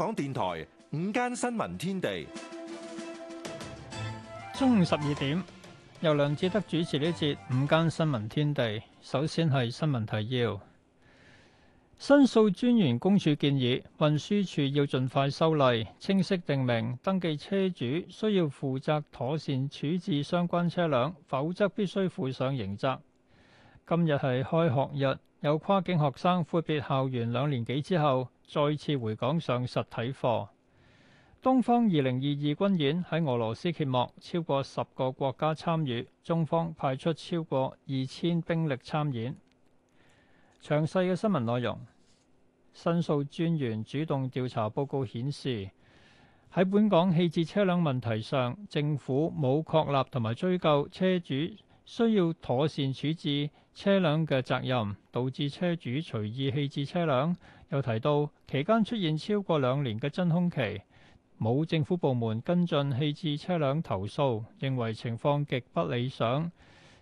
香港電台午間新聞天地，中午十二點，由梁志德主持呢節午間新聞天地。首先係新聞提要，申訴專員公署建議運輸處要盡快修例，清晰定明登記車主需要負責妥善處置相關車輛，否則必須負上刑責。今日係開學日，有跨境學生闊別校園兩年幾之後。再次回港上實體課。東方二零二二軍演喺俄羅斯揭幕，超過十個國家參與，中方派出超過二千兵力參演。詳細嘅新聞內容，申訴專員主動調查報告顯示，喺本港棄置車輛問題上，政府冇確立同埋追究車主需要妥善處置車輛嘅責任，導致車主隨意棄置車輛。又提到期間出現超過兩年嘅真空期，冇政府部門跟進棄置車輛投訴，認為情況極不理想。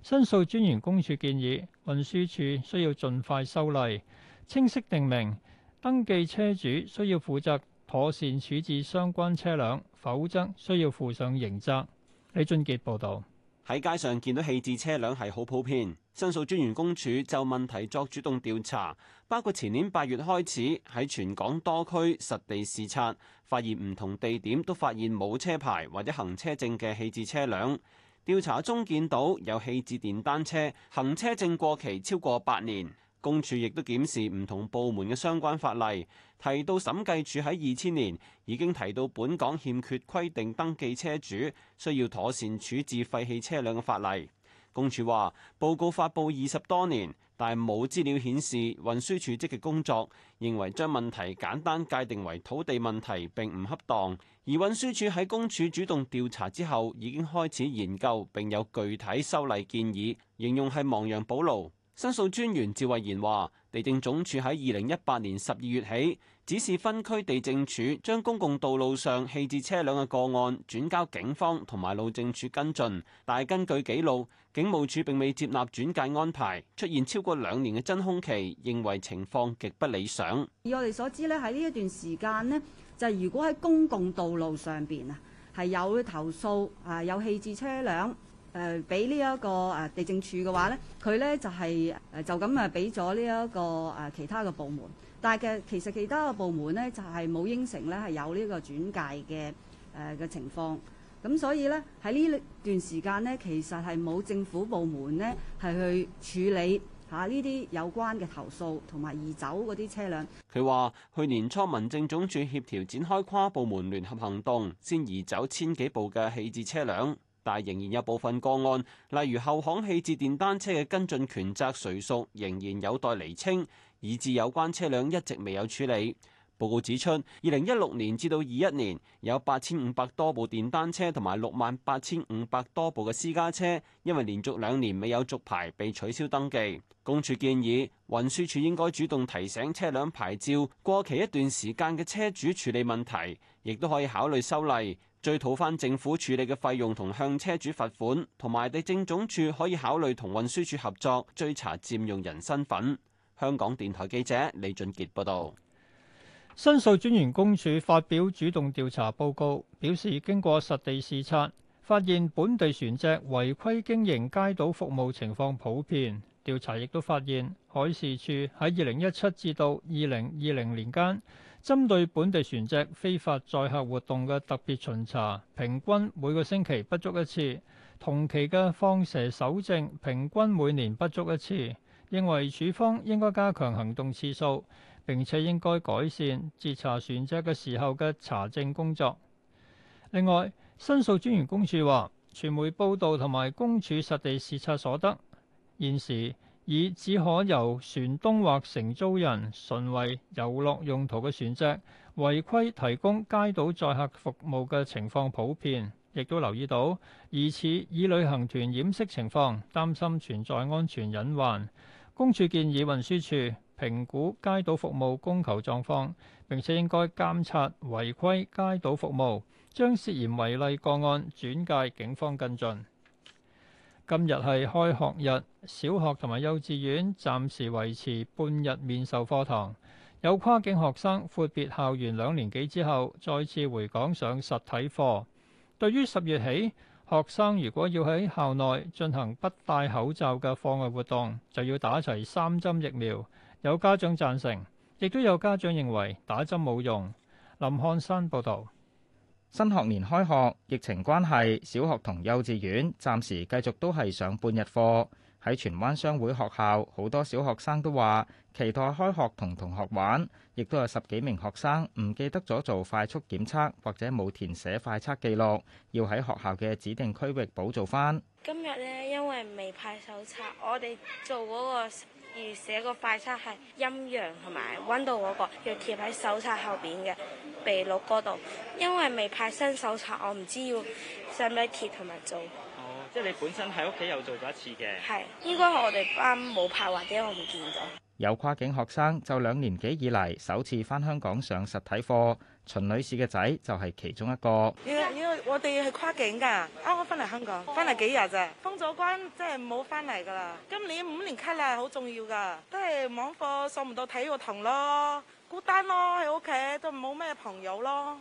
申訴專員公署建議運輸處需要盡快修例，清晰定明登記車主需要負責妥善處置相關車輛，否則需要負上刑責。李俊傑報導。喺街上見到棄置車輛係好普遍。申訴專員公署就問題作主動調查，包括前年八月開始喺全港多區實地視察，發現唔同地點都發現冇車牌或者行車證嘅棄置車輛。調查中見到有棄置電單車行車證過期超過八年。公署亦都檢視唔同部門嘅相關法例，提到審計署喺二千年已經提到本港欠缺規定登記車主需要妥善處置廢棄車輛嘅法例。公署話：報告發布二十多年，但係冇資料顯示運輸署積極工作，認為將問題簡單界定為土地問題並唔恰當。而運輸署喺公署主動調查之後，已經開始研究並有具體修例建議，形容係亡羊補牢。申訴專員趙慧賢話：地政總署喺二零一八年十二月起。指示分區地政處將公共道路上棄置車輛嘅個案轉交警方同埋路政署跟進，但係根據紀錄，警務處並未接納轉介安排，出現超過兩年嘅真空期，認為情況極不理想。以我哋所知咧，喺呢一段時間咧，就係如果喺公共道路上邊啊，係有投訴啊，有棄置車輛，誒，俾呢一個誒地政處嘅話咧，佢咧就係誒就咁啊俾咗呢一個誒其他嘅部門。但嘅其實其他個部門呢，就係冇應承呢係有呢個轉介嘅誒嘅情況，咁所以呢，喺呢段時間呢，其實係冇政府部門呢，係去處理吓呢啲有關嘅投訴同埋移走嗰啲車輛。佢話去年初民政總署協調展開跨部門聯合行動，先移走千幾部嘅棄置車輛，但仍然有部分個案，例如後巷棄置電單車嘅跟進權責誰屬，仍然有待釐清。以至有關車輛一直未有處理。報告指出，二零一六年至到二一年，有八千五百多部電單車同埋六萬八千五百多部嘅私家車，因為連續兩年未有續牌，被取消登記。公署建議運輸署應該主動提醒車輛牌照過期一段時間嘅車主處理問題，亦都可以考慮修例，追討翻政府處理嘅費用同向車主罰款，同埋地政總署可以考慮同運輸署合作追查佔用人身份。香港電台記者李俊杰報道，申訴專員公署發表主動調查報告，表示經過實地視察，發現本地船隻違規經營街渡服務情況普遍。調查亦都發現，海事處喺二零一七至到二零二零年間，針對本地船隻非法載客活動嘅特別巡查，平均每個星期不足一次；同期嘅放蛇搜證，平均每年不足一次。認為處方應該加強行動次數，並且應該改善截查船隻嘅時候嘅查證工作。另外，申訴專員公署話，傳媒報道同埋公署實地視察所得，現時以只可由船東或承租人純為遊樂用途嘅船隻違規提供街渡載客服務嘅情況普遍，亦都留意到疑似以，以旅行團掩飾情況，擔心存在安全隱患。公署建議運輸署評估街道服務供求狀況，並且應該監察違規街道服務，將涉嫌違例個案轉介警方跟進。今日係開學日，小學同埋幼稚園暫時維持半日面授課堂，有跨境學生闊別校園兩年幾之後，再次回港上實體課。對於十月起，學生如果要喺校內進行不戴口罩嘅課外活動，就要打齊三針疫苗。有家長贊成，亦都有家長認為打針冇用。林漢山報導：新學年開學，疫情關係，小學同幼稚園暫時繼續都係上半日課。喺荃灣商會學校，好多小學生都話期待開學同同學玩，亦都有十幾名學生唔記得咗做快速檢測或者冇填寫快測記錄，要喺學校嘅指定區域補做翻。今日呢，因為未派手冊，我哋做嗰個預寫個快測係陰陽同埋温度嗰個，要貼喺手冊後邊嘅記錄嗰度。因為未派新手冊，我唔知要使唔使貼同埋做。即係你本身喺屋企又做咗一次嘅，係應該我哋班冇拍或者我哋見咗。有跨境學生就兩年幾以嚟首次翻香港上實體課，秦女士嘅仔就係其中一個。要要我哋係跨境㗎，啱啱翻嚟香港，翻嚟幾日啫。封咗關，即係冇翻嚟㗎啦。今年五年級啦，好重要㗎，都係網課上唔到體育堂咯，孤單咯，喺屋企都冇咩朋友咯。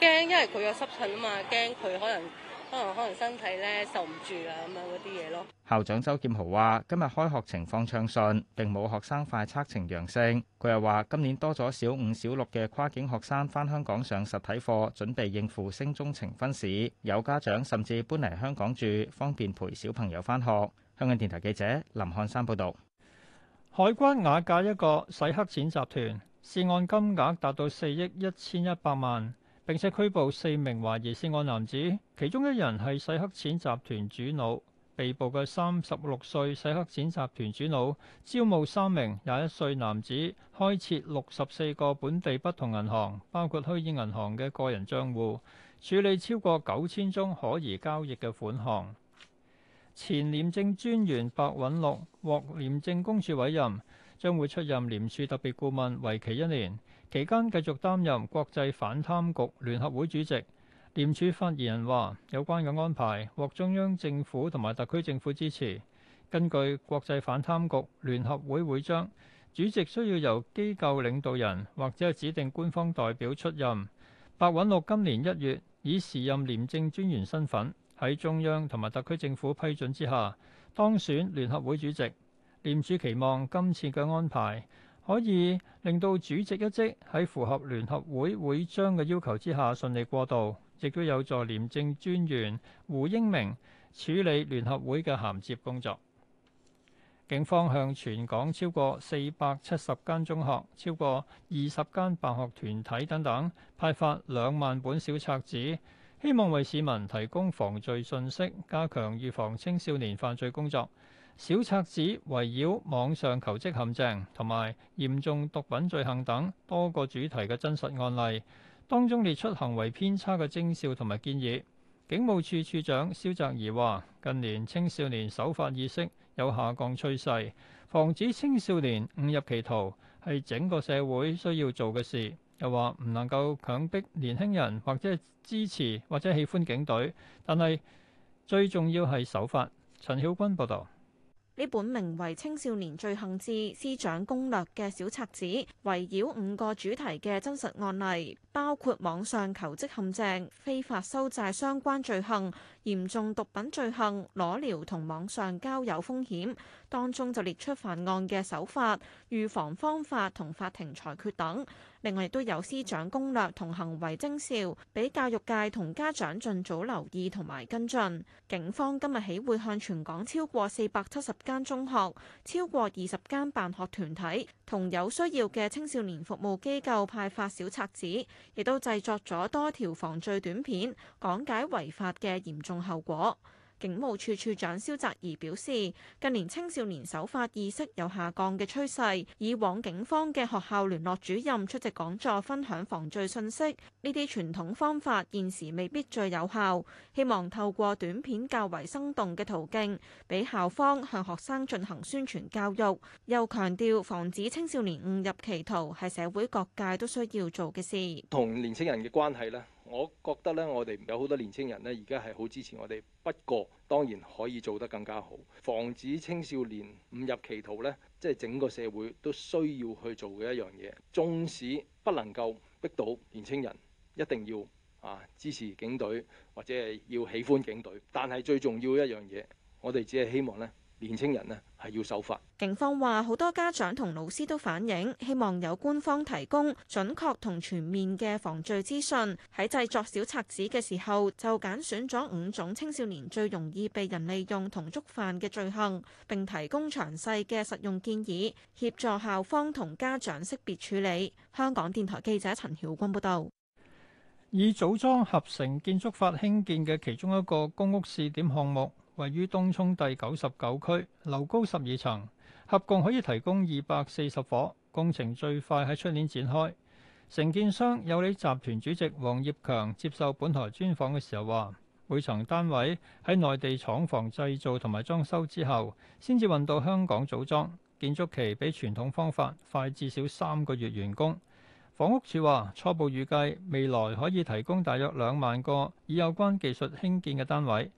驚，因為佢有濕疹啊嘛，驚佢可能可能可能身體咧受唔住啊，咁樣嗰啲嘢咯。校長周劍豪話：今日開學情況暢順，並冇學生快測呈陽性。佢又話：今年多咗小五、小六嘅跨境學生返香港上實體課，準備應付升中呈分試。有家長甚至搬嚟香港住，方便陪小朋友返學。香港電台記者林漢山報道。海關瓦解一個洗黑錢集團，涉案金額達到四億一千一百萬。並且拘捕四名懷疑涉案男子，其中一人係洗黑錢集團主腦。被捕嘅三十六歲洗黑錢集團主腦，招募三名廿一歲男子，開設六十四個本地不同銀行，包括虛擬銀行嘅個人帳戶，處理超過九千宗可疑交易嘅款項。前廉政專員白韞六獲廉政公署委任，將會出任廉署特別顧問，為期一年。期間繼續擔任國際反貪局聯合會主席，廉署發言人話：有關嘅安排獲中央政府同埋特區政府支持。根據國際反貪局聯合會會章，主席需要由機構領導人或者係指定官方代表出任。白韞六今年一月以時任廉政專員身份，喺中央同埋特區政府批准之下，當選聯合會主席。廉署期望今次嘅安排，可以令到主席一職喺符合聯合會會章嘅要求之下順利過渡，亦都有助廉政專員胡英明處理聯合會嘅銜接工作。警方向全港超過四百七十間中學、超過二十間辦學團體等等派發兩萬本小冊子，希望為市民提供防罪信息，加強預防青少年犯罪工作。小冊子圍繞網上求職陷阱同埋嚴重毒品罪行等多個主題嘅真實案例，當中列出行為偏差嘅徵兆同埋建議。警務處處長蕭澤頤話：近年青少年守法意識有下降趨勢，防止青少年誤入歧途係整個社會需要做嘅事。又話唔能夠強迫年輕人或者支持或者喜歡警隊，但係最重要係守法。陳曉君報導。呢本名為《青少年罪行志司長攻略》嘅小冊子，圍繞五個主題嘅真實案例，包括網上求職陷阱、非法收債相關罪行、嚴重毒品罪行、裸聊同網上交友風險，當中就列出犯案嘅手法、預防方法同法庭裁決等。另外亦都有師長攻略同行為徵兆，俾教育界同家長盡早留意同埋跟進。警方今日起會向全港超過四百七十間中學、超過二十間辦學團體同有需要嘅青少年服務機構派發小冊子，亦都製作咗多條防罪短片，講解違法嘅嚴重後果。警務處處長蕭澤頤表示，近年青少年守法意識有下降嘅趨勢，以往警方嘅學校聯絡主任出席講座分享防罪信息，呢啲傳統方法現時未必最有效，希望透過短片較為生動嘅途徑，俾校方向學生進行宣傳教育。又強調，防止青少年誤入歧途係社會各界都需要做嘅事。同年青人嘅關係咧？我覺得咧，我哋有好多年青人咧，而家係好支持我哋。不過當然可以做得更加好，防止青少年誤入歧途咧，即係整個社會都需要去做嘅一樣嘢。縱使不能夠逼到年青人一定要啊支持警隊，或者係要喜歡警隊，但係最重要一樣嘢，我哋只係希望咧。年輕人呢，係要守法。警方話好多家長同老師都反映，希望有官方提供準確同全面嘅防罪資訊。喺製作小冊子嘅時候，就揀選咗五種青少年最容易被人利用同觸犯嘅罪行，並提供詳細嘅實用建議，協助校方同家長識別處理。香港電台記者陳曉君報導。以組裝合成建築法興建嘅其中一個公屋試點項目，位於東涌第九十九區，樓高十二層，合共可以提供二百四十伙。工程最快喺出年展開。承建商有利集團主席黃業強接受本台專訪嘅時候話：每層單位喺內地廠房製造同埋裝修之後，先至運到香港組裝，建築期比傳統方法快至少三個月完工。房屋署話初步預計未來可以提供大約兩萬個以有關技術興建嘅單位。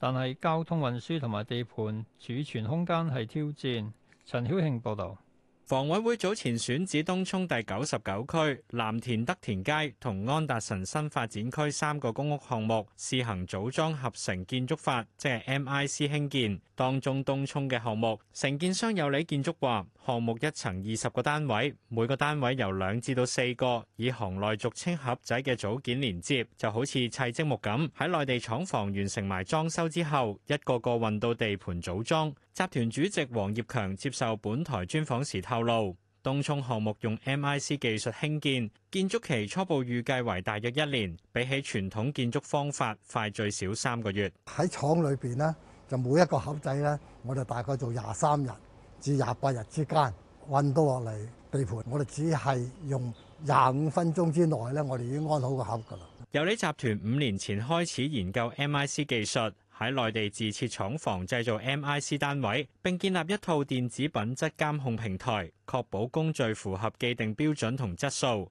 但係交通運輸同埋地盤儲存空間係挑戰。陳曉慶報導，房委會早前選址東涌第九十九區、藍田德田街同安達臣新發展區三個公屋項目試行組裝合成建築法，即係 MIC 興建。當中東涌嘅項目承建商有理建築話。項目一層二十個單位，每個單位由兩至到四個以行內俗稱盒仔嘅組件連接，就好似砌積木咁。喺內地廠房完成埋裝修之後，一個個運到地盤組裝。集團主席黃業強接受本台專訪時透露，東涌項目用 MIC 技術興建，建築期初步預計為大約一年，比起傳統建築方法快最少三個月。喺廠裏邊呢，就每一個盒仔呢，我就大概做廿三日。至廿八日之間運到落嚟地盤，我哋只係用廿五分鐘之內咧，我哋已經安好個盒噶啦。由呢集團五年前開始研究 MiC 技術，喺內地自設廠房製造 MiC 單位，並建立一套電子品質監控平台，確保工序符合既定標準同質素。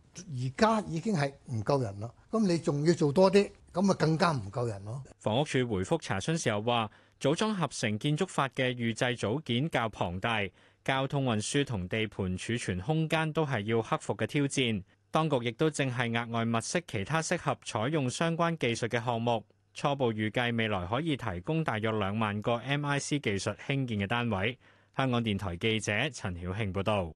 而家已經係唔夠人咯，咁你仲要做多啲，咁啊更加唔夠人咯。房屋署回覆查詢時候話，組裝合成建築法嘅預製組件較龐大，交通運輸同地盤儲存空間都係要克服嘅挑戰。當局亦都正係額外物色其他適合採用相關技術嘅項目。初步預計未來可以提供大約兩萬個 M I C 技術興建嘅單位。香港電台記者陳曉慶報道。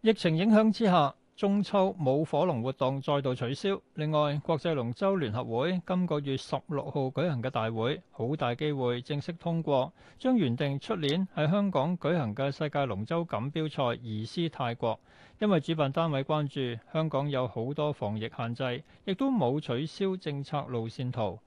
疫情影響之下。中秋舞火龍活動再度取消。另外，國際龍舟聯合會今個月十六號舉行嘅大會，好大機會正式通過，將原定出年喺香港舉行嘅世界龍舟錦標賽移師泰國，因為主辦單位關注香港有好多防疫限制，亦都冇取消政策路線圖。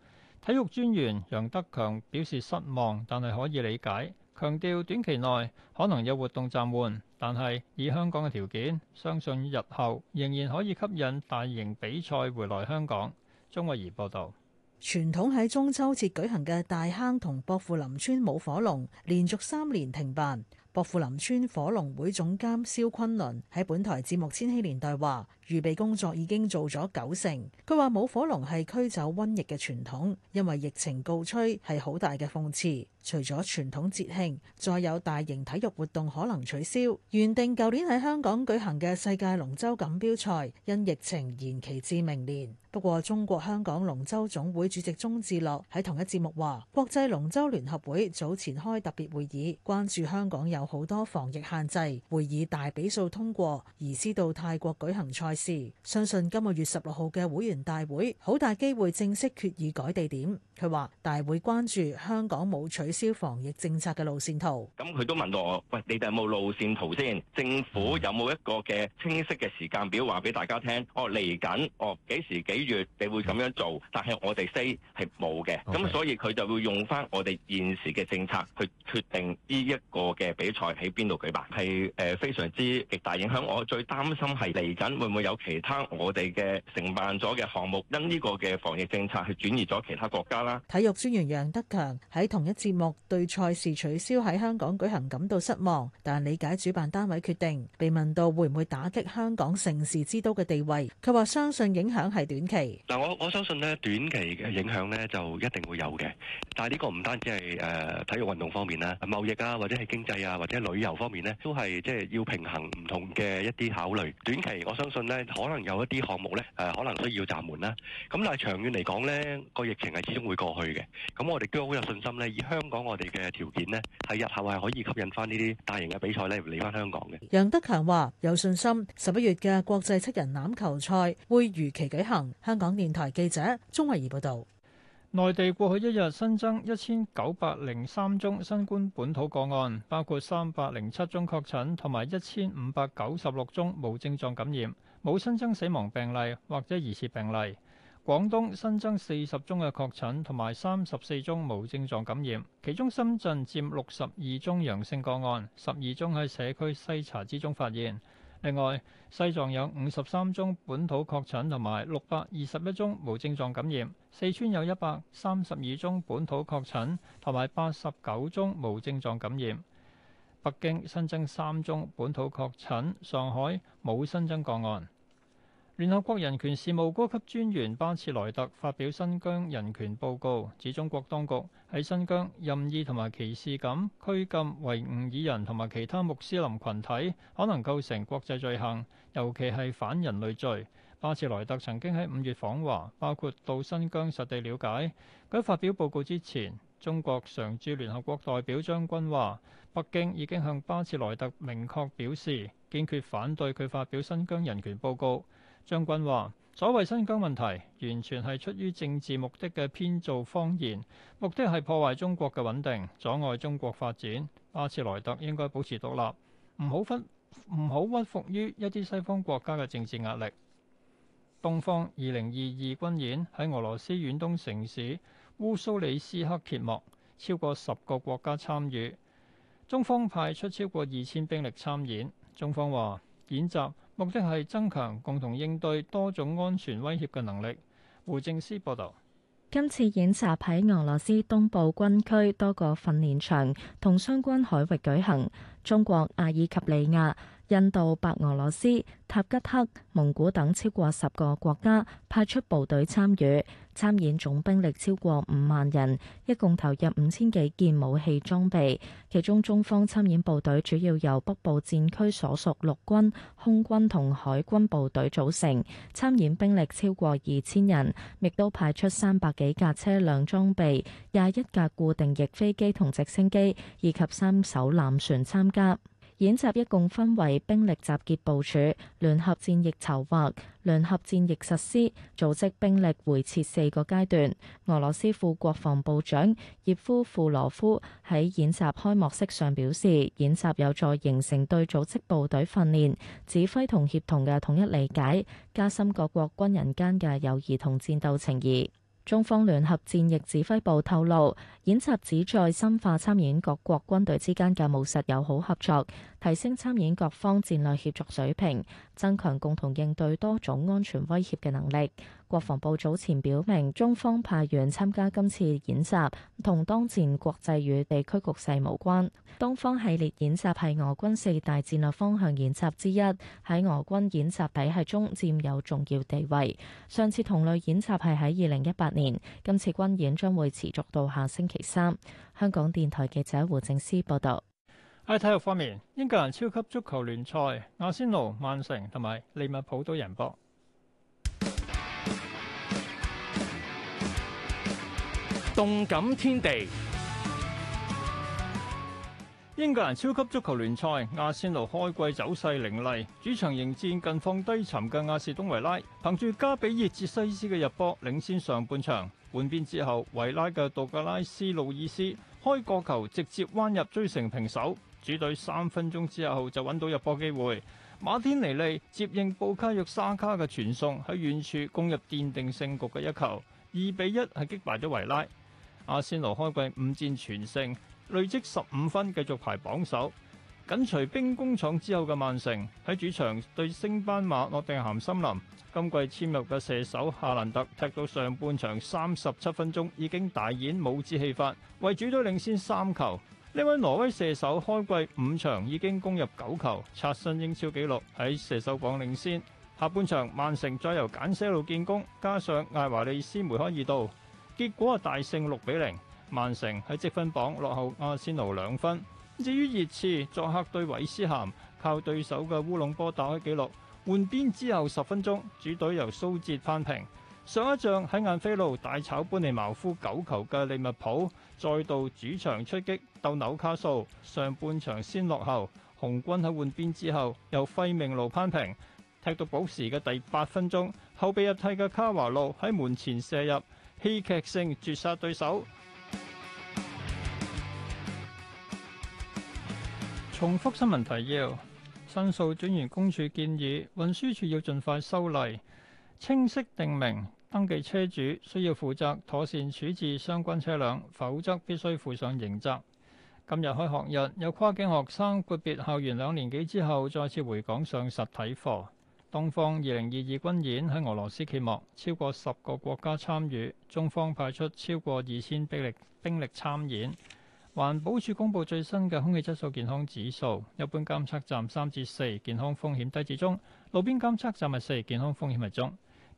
體育專員楊德強表示失望，但係可以理解，強調短期內可能有活動暫緩。但係以香港嘅條件，相信日後仍然可以吸引大型比賽回來香港。鍾慧儀報導，傳統喺中秋節舉行嘅大坑同薄扶林村舞火龍連續三年停辦。薄扶林村火龍會總監蕭昆崙喺本台節目《千禧年代》話。預備工作已經做咗九成。佢話舞火龍係驅走瘟疫嘅傳統，因為疫情告吹係好大嘅諷刺。除咗傳統節慶，再有大型體育活動可能取消。原定舊年喺香港舉行嘅世界龍舟錦標賽，因疫情延期至明年。不過，中國香港龍舟總會主席鍾志樂喺同一節目話，國際龍舟聯合會早前開特別會議，關注香港有好多防疫限制，會議大比數通過，移師到泰國舉行賽事。相信今個月十六號嘅會員大會，好大機會正式決議改地點。佢話，但係會關注香港冇取消防疫政策嘅路線圖，咁佢都問到我，喂，你哋有冇路線圖先？政府有冇一個嘅清晰嘅時間表話俾大家聽？哦，嚟緊哦幾時幾月你會咁樣做？但係我哋 say 係冇嘅。咁所以佢就會用翻我哋現時嘅政策去決定呢一個嘅比賽喺邊度舉辦，係誒非常之極大影響。我最擔心係嚟緊會唔會有其他我哋嘅承辦咗嘅項目因呢個嘅防疫政策去轉移咗其他國家啦。體育專員楊德強喺同一節目對賽事取消喺香港舉行感到失望，但理解主辦單位決定。被問到會唔會打擊香港城市之都嘅地位，佢話相信影響係短期。嗱，我我相信咧，短期嘅影響咧就一定會有嘅。但係呢個唔單止係誒體育運動方面啦，貿易啊或者係經濟啊或者旅遊方面咧，都係即係要平衡唔同嘅一啲考慮。短期我相信咧，可能有一啲項目咧誒可能需要暫緩啦。咁但係長遠嚟講咧，個疫情係始終會過去嘅，咁我哋都好有信心咧。以香港我哋嘅條件咧，喺日後係可以吸引翻呢啲大型嘅比賽咧嚟翻香港嘅。楊德強話：有信心，十一月嘅國際七人欖球賽會如期舉行。香港電台記者鍾慧儀報導。內地過去一日新增一千九百零三宗新冠本土個案，包括三百零七宗確診同埋一千五百九十六宗無症狀感染，冇新增死亡病例或者疑似病例。廣東新增四十宗嘅確診同埋三十四宗無症狀感染，其中深圳佔六十二宗陽性個案，十二宗喺社區篩查之中發現。另外，西藏有五十三宗本土確診同埋六百二十一宗無症狀感染，四川有一百三十二宗本土確診同埋八十九宗無症狀感染。北京新增三宗本土確診，上海冇新增個案。聯合國人權事務高級專員巴切萊特發表新疆人權報告，指中國當局喺新疆任意同埋歧視噉拘禁維吾爾人同埋其他穆斯林群體，可能構成國際罪行，尤其係反人類罪。巴切萊特曾經喺五月訪華，包括到新疆實地了解。佢發表報告之前，中國常駐聯合國代表張軍話：北京已經向巴切萊特明確表示，堅決反對佢發表新疆人權報告。張軍話：所謂新疆問題，完全係出於政治目的嘅編造謊言，目的係破壞中國嘅穩定，阻礙中國發展。巴切萊特應該保持獨立，唔好屈唔好屈服於一啲西方國家嘅政治壓力。東方二零二二軍演喺俄羅斯遠東城市烏蘇里斯克揭幕，超過十個國家參與，中方派出超過二千兵力參演。中方話演習。目的係增強共同應對多種安全威脅嘅能力。胡正思報道，今次演習喺俄羅斯東部軍區多個訓練場同相關海域舉行。中國、阿爾及利亞、印度、白俄羅斯、塔吉克、蒙古等超過十個國家派出部隊參與，參演總兵力超過五萬人，一共投入五千幾件武器裝備。其中中方參演部隊主要由北部戰區所屬陸軍、空軍同海軍部隊組成，參演兵力超過二千人，亦都派出三百幾架車輛裝備、廿一架固定翼飛機同直升機以及三艘艦船參加。演習一共分為兵力集結部署、聯合戰役籌劃、聯合戰役實施、組織兵力回撤四個階段。俄羅斯副國防部長葉夫庫羅夫喺演習開幕式上表示，演習有助形成對組織部隊訓練、指揮同協同嘅統一理解，加深各國軍人間嘅友誼同戰鬥情誼。中方聯合戰役指揮部透露，演習旨在深化參演各國軍隊之間嘅務實友好合作。提升參演各方戰略協作水平，增強共同應對多種安全威脅嘅能力。國防部早前表明，中方派員參加今次演習，同當前國際與地區局勢無關。東方系列演習係俄軍四大戰略方向演習之一，喺俄軍演習體系中佔有重要地位。上次同類演習係喺二零一八年，今次軍演將會持續到下星期三。香港電台記者胡正思報道。喺體育方面，英格蘭超級足球聯賽，阿仙奴、曼城同埋利物浦都贏波。動感天地，英格蘭超級足球聯賽，阿仙奴開季走勢凌厲，主場迎戰近況低沉嘅亞士東維拉，憑住加比熱切西斯嘅入波領先上半場，換邊之後維拉嘅杜格拉斯路易斯開角球直接彎入追成平手。主隊三分鐘之後就揾到入波機會，馬天尼利接應布卡約沙卡嘅傳送喺遠處攻入奠定勝局嘅一球，二比一係擊敗咗維拉。阿仙奴開季五戰全勝，累積十五分繼續排榜首，緊隨兵工廠之後嘅曼城喺主場對升班馬諾定咸森林，今季簽入嘅射手夏蘭特踢到上半場三十七分鐘已經大演帽子戲法，為主隊領先三球。呢位挪威射手開季五場已經攻入九球，刷新英超紀錄，喺射手榜領先。下半場曼城再由簡斯路建功，加上艾華利斯梅開二度，結果大勝六比零。曼城喺積分榜落後阿仙奴兩分。至於熱刺作客對韋斯咸，靠對手嘅烏龍波打開紀錄，換邊之後十分鐘主隊由蘇哲扳平。上一仗喺晏菲路大炒搬尼茅夫九球嘅利物浦，再度主場出擊鬥紐卡素。上半場先落後，紅軍喺換邊之後由費明路扳平，踢到補時嘅第八分鐘，後備入替嘅卡華路喺門前射入戲劇性絕殺對手。重複新聞提要：申訴專員公署建議運輸署要盡快修例。清晰定明，登記車主需要負責妥善處置相關車輛，否則必須負上刑責。今日開學日，有跨境學生闊別校園兩年幾之後，再次回港上實體課。東方二零二二軍演喺俄羅斯揭幕，超過十個國家參與，中方派出超過二千兵力兵力參演。環保署公布最新嘅空氣質素健康指數，一般監測站三至四，健康風險低至中；路邊監測站係四，健康風險為中。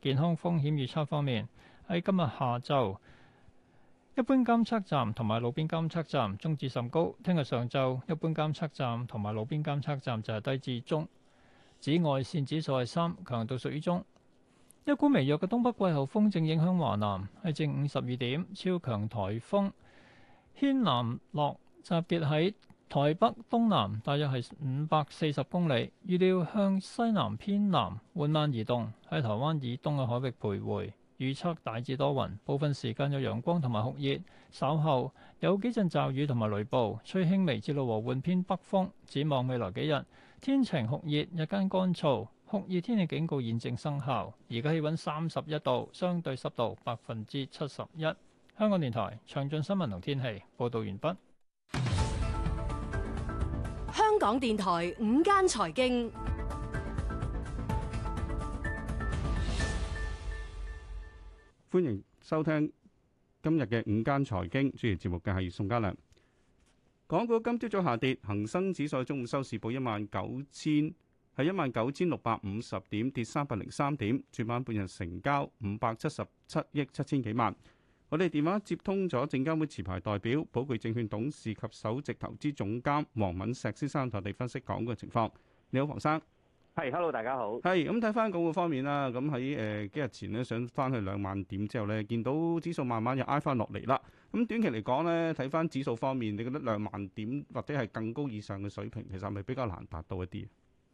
健康風險預測方面，喺今日下晝，一般監測站同埋路邊監測站中至甚高；聽日上晝，一般監測站同埋路邊監測站就係低至中。紫外綫指數係三，強度屬於中。一股微弱嘅東北季候風正影響華南，喺正午十二點，超強台風軒南落集結喺台北東南大約係五百四十公里，預料向西南偏南緩慢移動，喺台灣以東嘅海域徘徊。預測大致多雲，部分時間有陽光同埋酷熱。稍後有幾陣驟雨同埋雷暴，吹輕微至到和緩偏北風。展望未來幾日，天晴酷熱，日間乾燥，酷熱天氣警告現正生效。而家氣温三十一度，相對濕度百分之七十一。香港電台詳盡新聞同天氣報導完畢。港電台午間財經，歡迎收聽今日嘅午間財經，主持節目嘅係宋家良。港股今朝早下跌，恒生指數中午收市報一萬九千係一萬九千六百五十點，跌三百零三點。主板半日成交五百七十七億七千幾萬。我哋電話接通咗證監會持牌代表寶钜證券董事及首席投資總監黃敏石先生，同你分析講嘅情況。你好，黃生。係，Hello，大家好。係，咁睇翻港股方面啦，咁喺誒幾日前呢，想翻去兩萬點之後呢，見到指數慢慢又挨翻落嚟啦。咁短期嚟講呢，睇翻指數方面，你覺得兩萬點或者係更高以上嘅水平，其實係咪比較難達到一啲？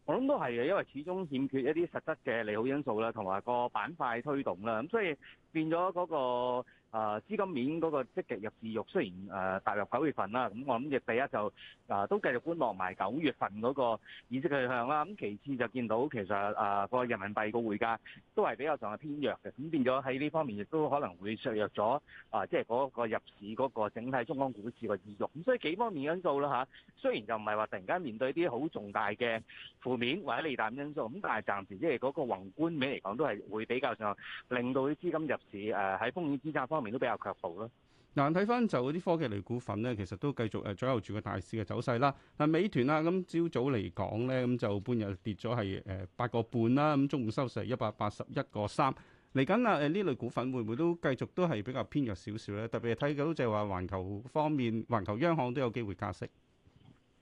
我諗都係嘅，因為始終欠缺一啲實質嘅利好因素啦，同埋個板塊推動啦，咁所以變咗嗰個。誒資金面嗰個積極入市欲，雖然誒踏、呃、入九月份啦，咁、嗯、我諗亦第一就誒、呃、都繼續觀望埋九月份嗰個意識去向啦。咁、嗯、其次就見到其實誒個、呃、人民幣個匯價都係比較上係偏弱嘅，咁變咗喺呢方面亦都可能會削弱咗誒即係嗰個入市嗰個整體中港股市個意欲。咁所以幾方面因素啦嚇，雖然就唔係話突然間面對啲好重大嘅負面或者利淡因素，咁但係暫時即係嗰個宏觀面嚟講都係會比較上令到啲資金入市誒喺風險資產方方面都比較強暴咯。嗱，睇翻就嗰啲科技類股份咧，其實都繼續誒、呃、左右住個大市嘅走勢啦。但美團啦，咁、嗯、朝早嚟講咧，咁、嗯、就半日跌咗係誒八個半啦。咁、呃啊、中午收市一百八十一個三。嚟緊啊誒呢、呃、類股份會唔會都繼續都係比較偏弱少少咧？特別係睇到就係話，環球方面，環球央行都有機會加息。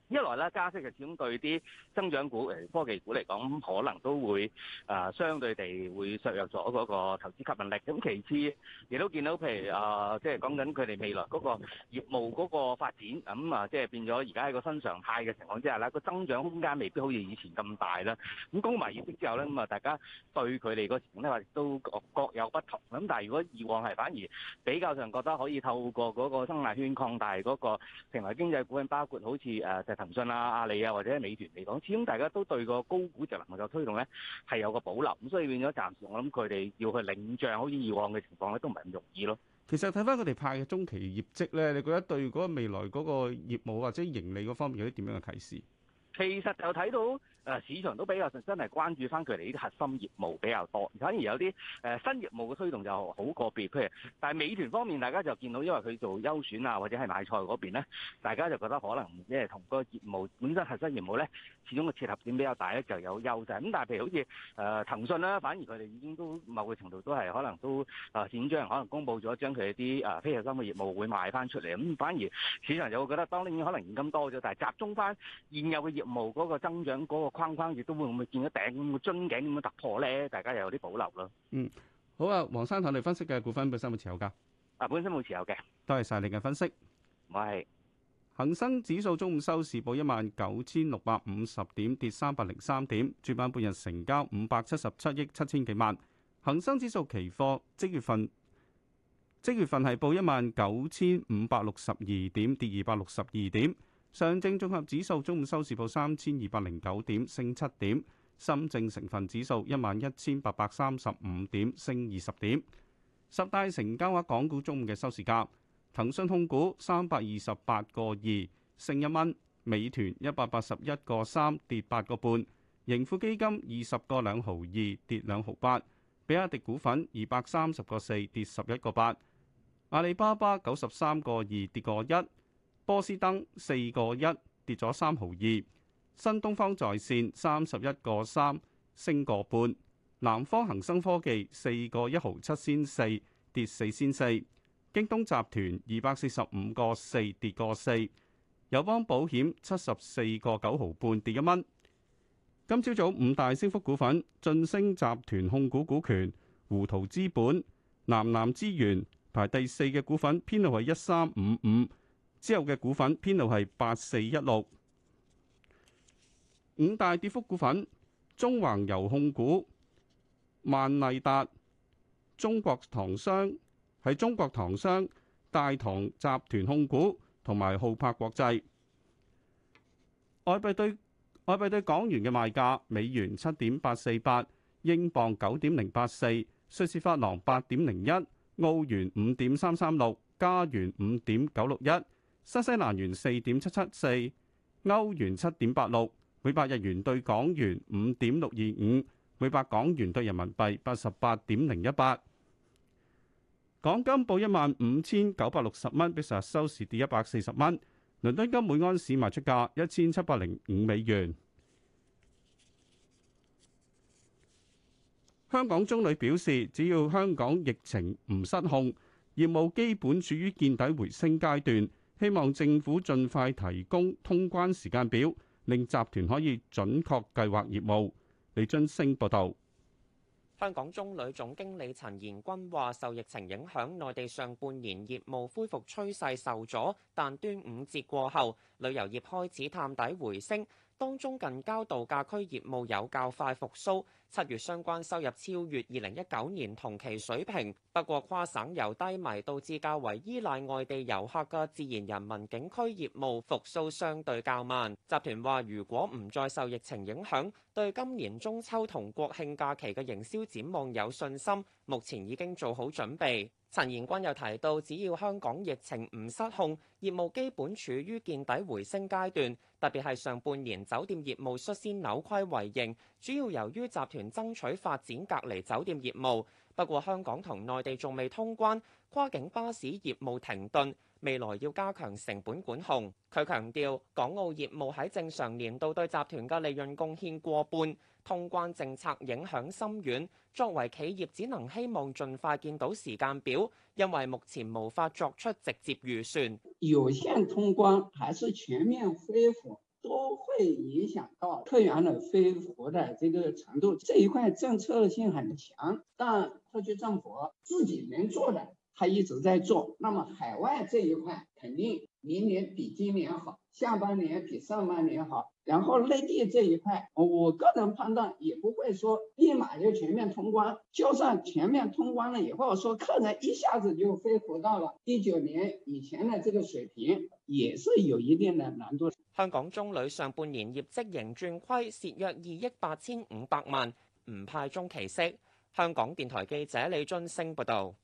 一來咧，加息其實始終對啲增長股、誒科技股嚟講、嗯，可能都會誒、呃、相對地會削弱咗嗰個投資吸引力。咁其次，亦都見到譬如誒、呃，即係講緊佢哋未來嗰個業務嗰個發展，咁、嗯、啊，即係變咗而家喺個新常態嘅情況之下咧，個增長空間未必好似以前咁大啦。咁高埋業績之後咧，咁啊，大家對佢哋嗰情況咧，都各各有不同。咁但係如果以往係反而比較上覺得可以透過嗰個生態圈擴大嗰個成為經濟股份，包括好似誒。呃騰訊啊、阿里啊，或者美團嚟講，始終大家都對個高估值能夠推動咧係有個保留，咁所以變咗暫時我諗佢哋要去領漲，好似以往嘅情況咧都唔係咁容易咯。其實睇翻佢哋派嘅中期業績咧，你覺得對嗰個未來嗰個業務或者盈利嗰方面有啲點樣嘅提示？其實就睇到。誒市場都比較真係關注翻佢哋呢啲核心業務比較多，反而有啲誒新業務嘅推動就好個別。譬如，但係美團方面，大家就見到因為佢做優選啊或者係買菜嗰邊咧，大家就覺得可能即係同個業務本身核心業務咧，始終嘅切合點比較大咧，就有優勢。咁但係譬如好似誒、呃、騰訊啦、啊，反而佢哋已經都某個程度都係可能都誒展張，可能公布咗將佢啲誒非核心嘅業務會賣翻出嚟。咁、嗯、反而市場就會覺得，當年可能現金多咗，但係集中翻現有嘅業務嗰個增長嗰框框亦都會唔會見到頂，咁個樽頸咁樣突破咧？大家又有啲保留咯。嗯，好啊，黃生睇你分析嘅股份本身有持有噶。啊，本身冇持有嘅。多謝晒你嘅分析。我係是恒生指數中午收市報一萬九千六百五十點，跌三百零三點。主板半日成交五百七十七億七千幾萬。恒生指數期貨即月份，即月份係報一萬九千五百六十二點，跌二百六十二點。上證綜合指數中午收市報三千二百零九點，升七點；深證成分指數一萬一千八百三十五點，升二十點。十大成交額港股中午嘅收市價：騰訊控股三百二十八個二，升一蚊；美團一百八十一個三，跌八個半；盈富基金二十個兩毫二，跌兩毫八；比亞迪股份二百三十個四，跌十一個八；阿里巴巴九十三個二，跌個一。波斯登四個一跌咗三毫二，新東方在線三十一個三升個半，南方恒生科技四個一毫七仙四跌四仙四，京東集團二百四十五個四跌個四，友邦保險七十四個九毫半跌一蚊。今朝早五大升幅股份，晉升集團控股股權、胡桃資本、南南資源排第四嘅股份，編號係一三五五。之後嘅股份編號係八四一六，五大跌幅股份：中橫油控股、萬麗達、中國唐商係中國唐商大唐集團控股同埋浩柏國際。外幣對外幣對港元嘅賣價：美元七點八四八，英鎊九點零八四，瑞士法郎八點零一，澳元五點三三六，加元五點九六一。新西蘭元四點七七四，歐元七點八六，每百日元對港元五點六二五，每百港元對人民幣八十八點零一八。港金報一萬五千九百六十蚊，比上日收市跌一百四十蚊。倫敦金每安士賣出價一千七百零五美元。香港中旅表示，只要香港疫情唔失控，業務基本處於見底回升階段。希望政府盡快提供通關時間表，令集團可以準確計劃業務。李津升報道。香港中旅總經理陳賢君話，受疫情影響，內地上半年業務恢復趨勢受阻，但端午節過後，旅遊業開始探底回升。當中近郊度假區業務有較快復甦，七月相關收入超越二零一九年同期水平。不過，跨省遊低迷導致較為依賴外地遊客嘅自然人文景區業務復甦相對較慢。集團話：如果唔再受疫情影響，對今年中秋同國慶假期嘅營銷展望有信心，目前已經做好準備。陳延君又提到，只要香港疫情唔失控，業務基本處於見底回升階段。特別係上半年酒店業務率先扭虧為盈，主要由於集團爭取發展隔離酒店業務。不過，香港同內地仲未通關，跨境巴士業務停頓。未來要加強成本管控。佢強調，港澳業務喺正常年度對集團嘅利潤貢獻過半，通關政策影響深遠。作為企業，只能希望盡快見到時間表，因為目前無法作出直接預算。有限通關還是全面恢復，都會影響到客源的恢復的這個程度。這一塊政策性很強，但特區政府自己能做的。他一直在做，那麼海外這一塊肯定明年比今年好，下半年比上半年好。然後內地這一塊，我個人判斷也不會說立馬就全面通關，就算全面通關了，以後說客人一下子就恢復到了一九年以前的這個水平，也是有一定的難度。香港中旅上半年業績盈轉虧，蝕約二億八千五百萬，唔派中期息。香港電台記者李俊升報道。